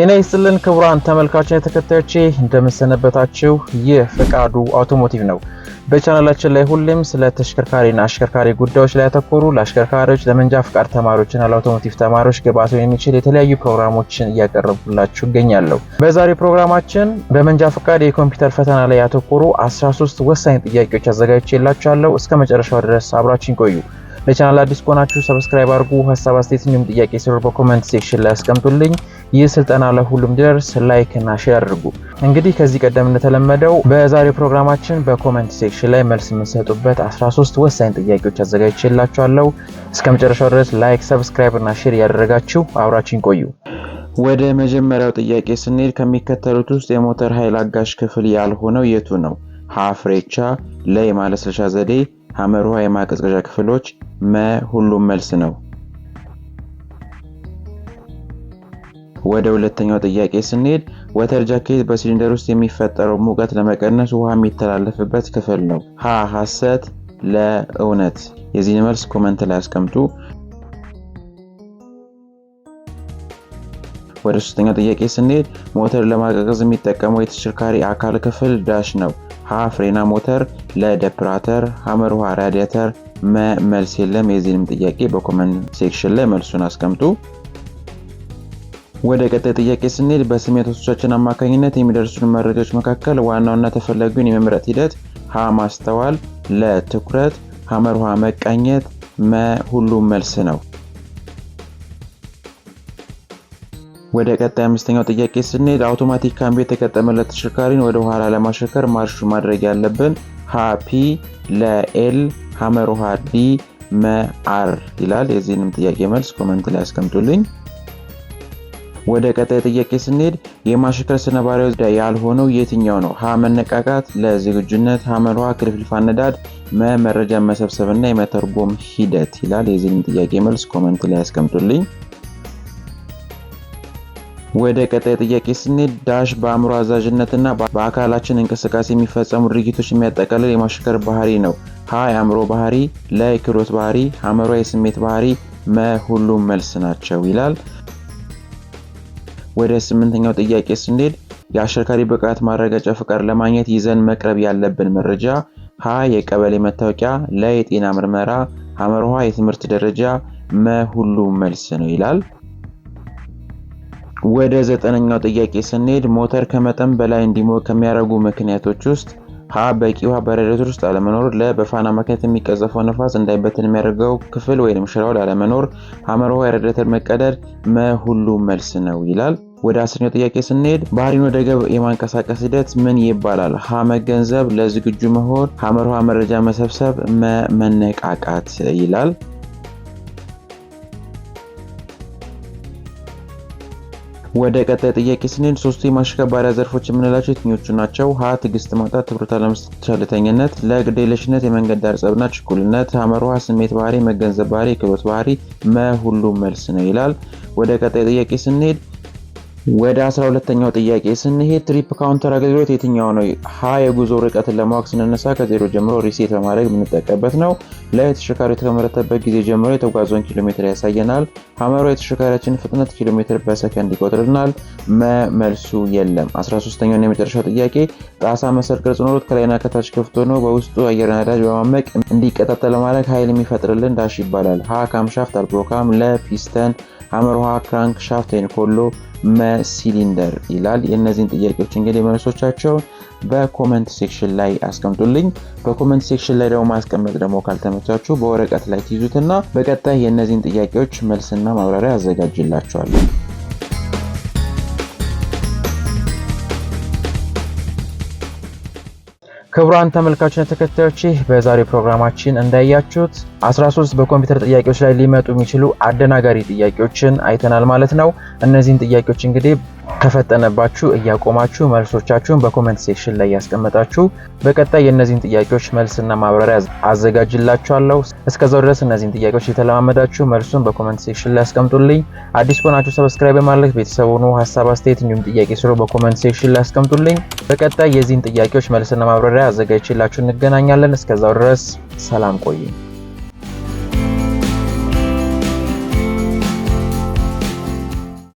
ጤና ይስጥልን ክቡራን ተመልካች ተከታዮቼ፣ እንደምሰነበታችሁ። ይህ ፍቃዱ አውቶሞቲቭ ነው። በቻናላችን ላይ ሁሌም ስለ ተሽከርካሪና አሽከርካሪ ጉዳዮች ላይ ያተኮሩ ለአሽከርካሪዎች፣ ለመንጃ ፍቃድ ተማሪዎችና ለአውቶሞቲቭ ተማሪዎች ግብዓት የሚችል የተለያዩ ፕሮግራሞችን እያቀረቡላችሁ እገኛለሁ። በዛሬው ፕሮግራማችን በመንጃ ፍቃድ የኮምፒውተር ፈተና ላይ ያተኮሩ 13 ወሳኝ ጥያቄዎች አዘጋጅቼላችኋለሁ። እስከ መጨረሻው ድረስ አብራችን ቆዩ። ለቻናል አዲስ ከሆናችሁ ሰብስክራይብ አድርጉ። ሀሳብ አስተያየት፣ እንዲሁም ጥያቄ ስር በኮመንት ሴክሽን ላይ አስቀምጡልኝ። ይህ ስልጠና ለሁሉም ድረስ ላይክ እና ሼር አድርጉ። እንግዲህ ከዚህ ቀደም እንደተለመደው በዛሬው ፕሮግራማችን በኮመንት ሴክሽን ላይ መልስ የምንሰጡበት 13 ወሳኝ ጥያቄዎች አዘጋጅቼላችኋለሁ። እስከ መጨረሻው ድረስ ላይክ፣ ሰብስክራይብ እና ሼር እያደረጋችሁ አብራችን ቆዩ። ወደ መጀመሪያው ጥያቄ ስንሄድ ከሚከተሉት ውስጥ የሞተር ኃይል አጋዥ ክፍል ያልሆነው የቱ ነው? ሀ ፍሬቻ፣ ለ የማለስለሻ ዘዴ፣ ውሃ የማቀዝቀዣ ክፍሎች መ ሁሉም መልስ ነው። ወደ ሁለተኛው ጥያቄ ስንሄድ ወተር ጃኬት በሲሊንደር ውስጥ የሚፈጠረው ሙቀት ለመቀነስ ውሃ የሚተላለፍበት ክፍል ነው። ሀ ሐሰት፣ ለ እውነት። የዚህን መልስ ኮመንት ላይ አስቀምጡ። ወደ ሶስተኛው ጥያቄ ስንሄድ ሞተር ለማቀዝቀዝ የሚጠቀመው የተሽከርካሪ አካል ክፍል ዳሽ ነው። ሀ ፍሬና ሞተር፣ ለደፕራተር፣ ሀመር ውሃ ራዲያተር፣ መ መልስ የለም። የዚህንም ጥያቄ በኮመን ሴክሽን ላይ መልሱን አስቀምጡ። ወደ ቀጣይ ጥያቄ ስንሄድ ውሶቻችን አማካኝነት የሚደርሱን መረጃዎች መካከል ዋናውና ተፈላጊውን የመምረጥ ሂደት ሀ ማስተዋል፣ ለትኩረት ሀመር ሐመር ውሃ መቃኘት፣ መ ሁሉም መልስ ነው። ወደ ቀጣይ አምስተኛው ጥያቄ ስንሄድ አውቶማቲክ ካምቢ የተገጠመለት ተሽከርካሪን ወደ ኋላ ለማሸከር ማርሽ ማድረግ ያለብን ሀፒ ለኤል ሀመሮሃ ዲ መአር ይላል። የዚህንም ጥያቄ መልስ ኮመንት ላይ አስቀምጡልኝ። ወደ ቀጣይ ጥያቄ ስንሄድ የማሽከር ስነ ያልሆነው የትኛው ነው? ሀ መነቃቃት፣ ለዝግጁነት፣ ሀመሮሃ ክልፍልፍ አነዳድ፣ መ መረጃ መሰብሰብ እና የመተርጎም ሂደት ይላል። የዚህንም ጥያቄ መልስ ኮመንት ላይ ያስቀምጡልኝ። ወደ ቀጣይ ጥያቄ ስንሄድ ዳሽ በአእምሮ አዛዥነትና በአካላችን እንቅስቃሴ የሚፈጸሙ ድርጊቶች የሚያጠቃልል የማሽከር ባህሪ ነው። ሀ የአእምሮ ባህሪ፣ ለ የክህሎት ባህሪ፣ ሐመሯ የስሜት ባህሪ፣ መ ሁሉም መልስ ናቸው ይላል። ወደ ስምንተኛው ጥያቄ ስንሄድ የአሽከርካሪ ብቃት ማረጋጫ ፍቃድ ለማግኘት ይዘን መቅረብ ያለብን መረጃ ሀ የቀበሌ መታወቂያ፣ ለ የጤና ምርመራ፣ አመርሃ የትምህርት ደረጃ፣ መ ሁሉም መልስ ነው ይላል። ወደ ዘጠነኛው ጥያቄ ስንሄድ ሞተር ከመጠን በላይ እንዲሞቅ ከሚያደርጉ ምክንያቶች ውስጥ ሀ በቂ ውሃ በሬዲተር ውስጥ አለመኖር፣ ለ በፋን የሚቀዘፈው ነፋስ እንዳይበትን የሚያደርገው ክፍል ወይም ሽራውል አለመኖር፣ ሀመር ውሃ የረደትን መቀደድ፣ መ መልስ ነው ይላል። ወደ አስረኛው ጥያቄ ስንሄድ ባህሪን ወደ ገብ የማንቀሳቀስ ሂደት ምን ይባላል? ሀ መገንዘብ፣ ለዝግጁ መሆን፣ ሀመር ውሃ መረጃ መሰብሰብ፣ መ መነቃቃት ይላል። ወደ ቀጣይ ጥያቄ ስንሄድ ሶስቱ የማሽከባሪያ ዘርፎች የምንላቸው የትኞቹ ናቸው? ሀ ትግስት ማጣት፣ ትኩረት አለመስጠት፣ ቸልተኝነት፣ የመንገድ ዳር ጸብና ችኩልነት፣ ሀመርሃ ስሜት ባህሪ፣ መገንዘብ ባህሪ፣ የክህሎት ባህሪ፣ መ ሁሉም መልስ ነው ይላል። ወደ ቀጣይ ጥያቄ ስንሄድ ወደ 12ኛው ጥያቄ ስንሄድ ትሪፕ ካውንተር አገልግሎት የትኛው ነው? ሀ የጉዞ ርቀትን ለማወቅ ስንነሳ ከዜሮ ጀምሮ ሪሴት በማድረግ የምንጠቀምበት ነው። ለ የተሽከርካሪ የተከመረተበት ጊዜ ጀምሮ የተጓዘውን ኪሎ ሜትር ያሳየናል። ሀመሮ የተሽከርካሪያችን ፍጥነት ኪሎ ሜትር በሰከንድ ይቆጥርናል። መመልሱ የለም። 13ኛውን የመጨረሻው ጥያቄ ጣሳ መሰል ቅርጽ ኖሮት ከላይና ከታች ክፍት ሆኖ በውስጡ አየር ነዳጅ በማመቅ እንዲቀጣጠል ለማድረግ ኃይል የሚፈጥርልን ዳሽ ይባላል። ሀ ካምሻፍት አልቦካም፣ ለፒስተን ፒስተን፣ ውሃ ክራንክ ሻፍት ኮሎ መሲሊንደር ይላል። የእነዚህን ጥያቄዎች እንግዲህ መልሶቻቸው በኮመንት ሴክሽን ላይ አስቀምጡልኝ። በኮመንት ሴክሽን ላይ ደግሞ ማስቀመጥ ደግሞ ካልተመቻችሁ በወረቀት ላይ ትይዙትና በቀጣይ የእነዚህን ጥያቄዎች መልስና ማብራሪያ አዘጋጅላቸዋለን ክቡራን ተመልካችና ተከታዮች በዛሬው ፕሮግራማችን እንዳያችሁት 13 በኮምፒውተር ጥያቄዎች ላይ ሊመጡ የሚችሉ አደናጋሪ ጥያቄዎችን አይተናል ማለት ነው። እነዚህን ጥያቄዎች እንግዲህ ከፈጠነባችሁ እያቆማችሁ መልሶቻችሁን በኮመንት ሴክሽን ላይ ያስቀመጣችሁ፣ በቀጣይ የእነዚህን ጥያቄዎች መልስና ማብራሪያ አዘጋጅላችኋለሁ። እስከዛው ድረስ እነዚህን ጥያቄዎች የተለማመዳችሁ መልሱን በኮመንት ሴክሽን ላይ ያስቀምጡልኝ። አዲስ ከሆናችሁ ሰብስክራይብ በማድረግ ቤተሰብ ሆኑ። ሀሳብ አስተያየት፣ እንዲሁም ጥያቄ ስሩ በኮመንት ሴክሽን ላይ ያስቀምጡልኝ። በቀጣይ የዚህን ጥያቄዎች መልስና ማብራሪያ አዘጋጅላችሁ እንገናኛለን። እስከዛው ድረስ ሰላም ቆይ